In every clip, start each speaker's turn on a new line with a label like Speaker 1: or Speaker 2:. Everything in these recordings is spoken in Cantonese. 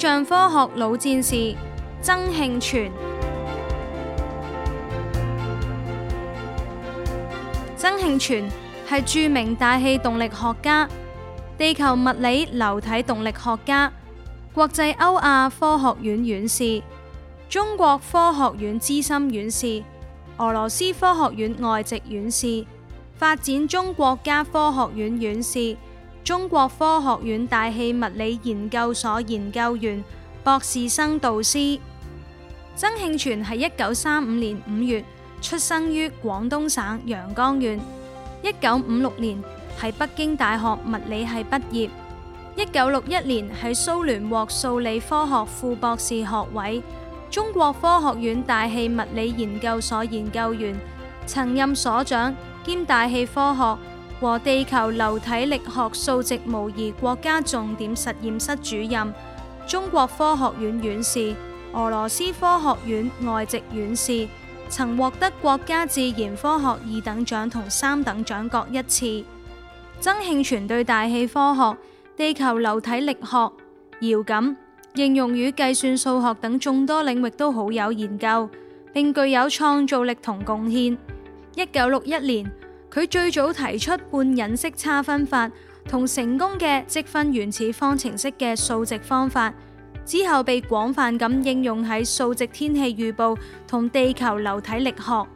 Speaker 1: 氣象科學老戰士曾慶存，曾慶存係著名大氣動力學家、地球物理流體動力學家、國際歐亞科學院院士、中國科學院資深院士、俄羅斯科學院外籍院士、發展中國家科學院院士。中國科學院大氣物理研究所研究員、博士生導師曾慶存係一九三五年五月出生於廣東省陽江縣，一九五六年喺北京大學物理系畢業，一九六一年喺蘇聯獲數理科學副博士學位，中國科學院大氣物理研究所研究員，曾任所長兼大氣科學。和地球流體力學數值模擬國家重點實驗室主任、中國科學院院士、俄羅斯科學院外籍院士，曾獲得國家自然科學二等獎同三等獎各一次。曾慶存對大氣科學、地球流體力學、遙感、應用與計算數學等眾多領域都好有研究，並具有創造力同貢獻。一九六一年。佢最早提出半隱式差分法同成功嘅積分原始方程式嘅數值方法，之後被廣泛咁應用喺數值天氣預報同地球流體力學，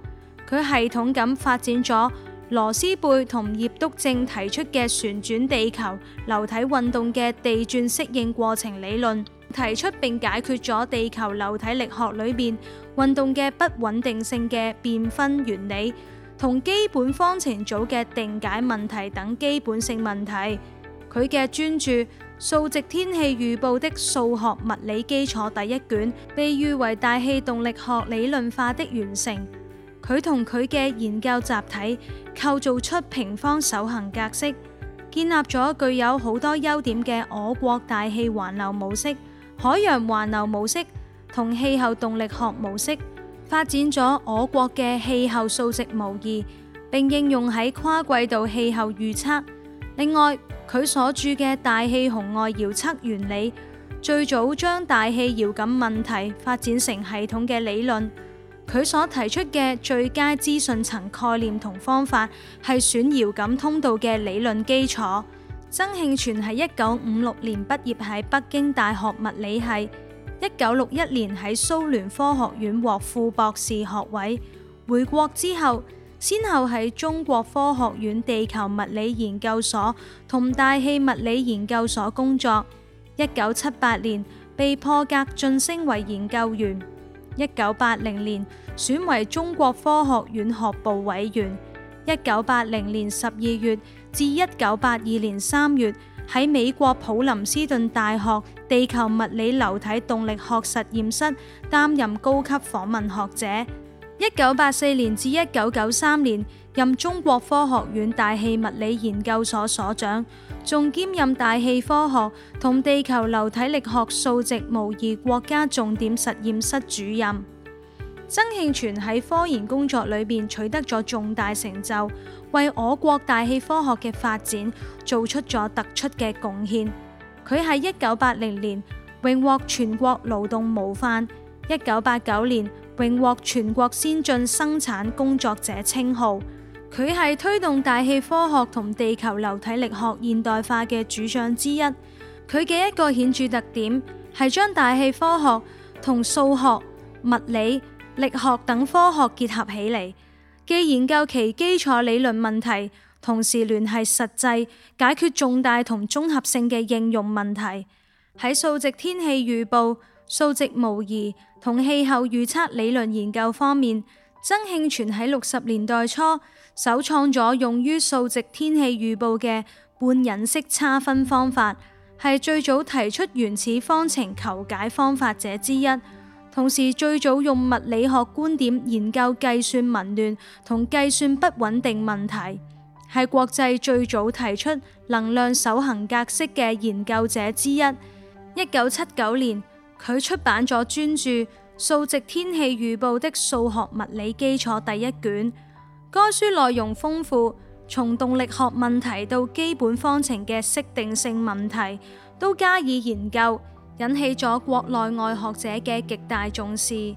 Speaker 1: 佢系統咁發展咗羅斯貝同葉篤正提出嘅旋轉地球流體運動嘅地轉適應過程理論，提出並解決咗地球流體力學裏邊運動嘅不穩定性嘅變分原理。同基本方程組嘅定解問題等基本性問題，佢嘅專著數值天氣預報的數學物理基礎第一卷，被譽為大氣動力學理論化的完成。佢同佢嘅研究集體構造出平方守恒格式，建立咗具有好多優點嘅我國大氣環流模式、海洋環流模式同氣候動力學模式。發展咗我國嘅氣候數值模擬，並應用喺跨季度氣候預測。另外，佢所著嘅大氣紅外遙測原理，最早將大氣遙感問題發展成系統嘅理論。佢所提出嘅最佳資訊層概念同方法，係選遙感通道嘅理論基礎。曾慶存係一九五六年畢業喺北京大學物理系。一九六一年喺蘇聯科學院獲副博士學位，回國之後，先後喺中國科學院地球物理研究所同大氣物理研究所工作。一九七八年被破格晉升為研究員，一九八零年選為中國科學院學部委員。一九八零年十二月至一九八二年三月，喺美國普林斯頓大學地球物理流體動力學實驗室擔任高級訪問學者，一九八四年至一九九三年任中國科學院大氣物理研究所所長，仲兼任大氣科學同地球流體力學數值模擬國家重點實驗室主任。曾慶存喺科研工作裏邊取得咗重大成就，為我國大氣科學嘅發展做出咗突出嘅貢獻。佢喺一九八零年榮獲全國勞動模範，一九八九年榮獲全國先進生產工作者稱號。佢係推動大氣科學同地球流體力學現代化嘅主將之一。佢嘅一個顯著特點係將大氣科學同數學、物理。力學等科學結合起嚟，既研究其基礎理論問題，同時聯繫實際，解決重大同綜合性嘅應用問題。喺數值天氣預報、數值模擬同氣候預測理論研究方面，曾慶存喺六十年代初首創咗用於數值天氣預報嘅半隱式差分方法，係最早提出原始方程求解方法者之一。同時最早用物理學觀點研究計算紊亂同計算不穩定問題，係國際最早提出能量守恒格式嘅研究者之一。一九七九年，佢出版咗專著《數值天氣預報的數學物理基礎》第一卷。該書內容豐富，從動力學問題到基本方程嘅適定性問題，都加以研究。引起咗國內外學者嘅極大重視。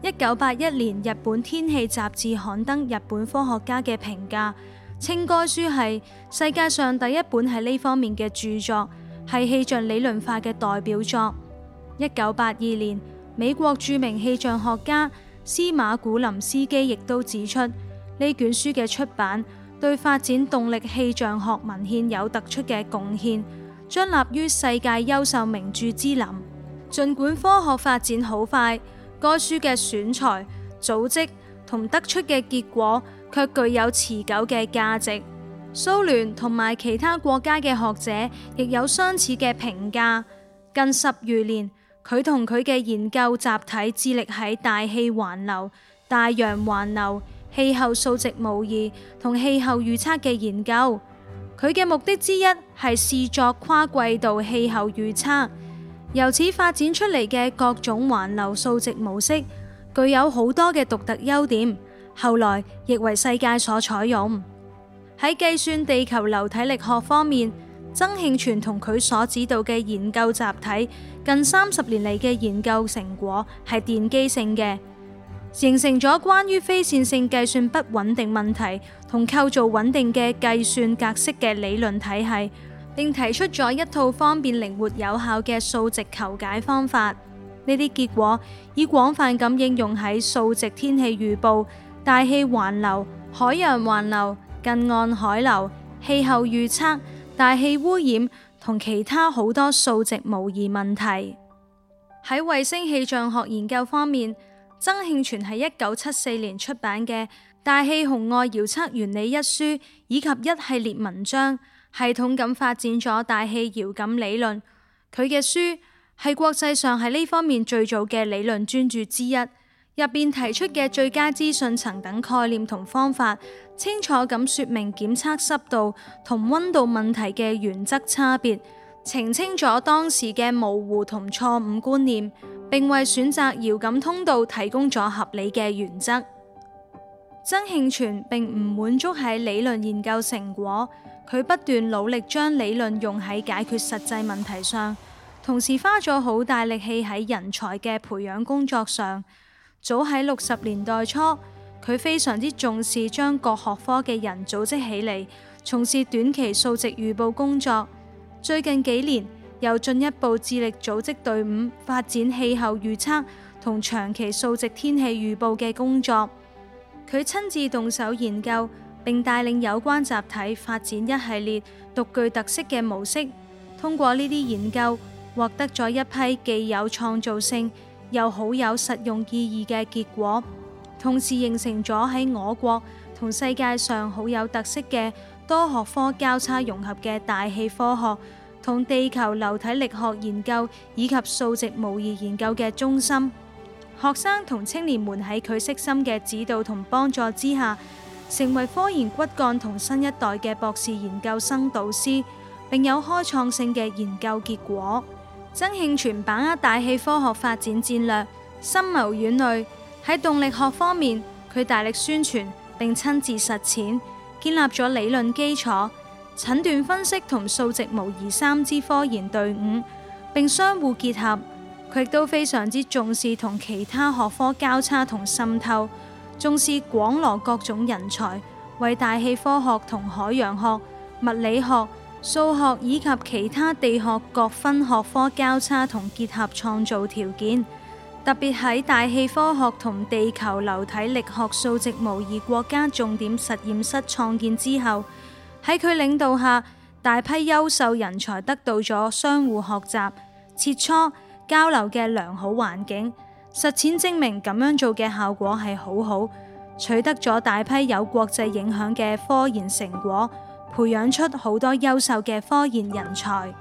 Speaker 1: 一九八一年，日本天氣雜誌刊登日本科學家嘅評價，稱該書係世界上第一本喺呢方面嘅著作，係氣象理論化嘅代表作。一九八二年，美國著名氣象學家司馬古林斯基亦都指出，呢卷書嘅出版對發展動力氣象學文獻有突出嘅貢獻。將立於世界優秀名著之林。盡管科學發展好快，該書嘅選材、組織同得出嘅結果卻具有持久嘅價值。蘇聯同埋其他國家嘅學者亦有相似嘅評價。近十餘年，佢同佢嘅研究集體致力喺大氣環流、大洋環流、氣候數值模擬同氣候預測嘅研究。佢嘅目的之一係試作跨季度氣候預測，由此發展出嚟嘅各種環流數值模式具有好多嘅獨特優點，後來亦為世界所採用。喺計算地球流體力學方面，曾慶存同佢所指導嘅研究集體近三十年嚟嘅研究成果係奠基性嘅。形成咗關於非線性計算不穩定問題同構造穩定嘅計算格式嘅理論體系，並提出咗一套方便靈活有效嘅數值求解方法。呢啲結果已廣泛咁應用喺數值天氣預報、大氣環流、海洋環流、近岸海流、氣候預測、大氣污染、同其他好多數值模擬問題。喺衛星氣象學研究方面，曾慶存喺一九七四年出版嘅《大氣紅外遙測原理》一書，以及一系列文章，系統咁發展咗大氣遙感理論。佢嘅書係國際上喺呢方面最早嘅理論專著之一。入邊提出嘅最佳資訊層等概念同方法，清楚咁說明檢測濕度同溫度問題嘅原則差別，澄清咗當時嘅模糊同錯誤觀念。並為選擇遙感通道提供咗合理嘅原則。曾慶存並唔滿足喺理論研究成果，佢不斷努力將理論用喺解決實際問題上，同時花咗好大力氣喺人才嘅培養工作上。早喺六十年代初，佢非常之重視將各學科嘅人組織起嚟，從事短期數值預報工作。最近幾年。又進一步致力組織隊伍，發展氣候預測同長期數值天氣預報嘅工作。佢親自動手研究，並帶領有關集體發展一系列獨具特色嘅模式。通過呢啲研究，獲得咗一批既有創造性又好有實用意義嘅結果，同時形成咗喺我國同世界上好有特色嘅多學科交叉融合嘅大氣科學。同地球流體力學研究以及數值模擬研究嘅中心，學生同青年們喺佢悉心嘅指導同幫助之下，成為科研骨幹同新一代嘅博士研究生導師，並有開創性嘅研究結果。曾慶存把握大氣科學發展戰略，深謀遠慮。喺動力學方面，佢大力宣傳並親自實踐，建立咗理論基礎。診斷分析同數值模擬三支科研隊伍並相互結合，佢都非常之重視同其他學科交叉同滲透，重視廣羅各種人才，為大氣科學同海洋學、物理學、數學以及其他地學各分學科交叉同結合創造條件。特別喺大氣科學同地球流體力學數值模擬國家重點實驗室創建之後。喺佢領導下，大批優秀人才得到咗相互學習、切磋交流嘅良好環境。實踐證明咁樣做嘅效果係好好，取得咗大批有國際影響嘅科研成果，培養出好多優秀嘅科研人才。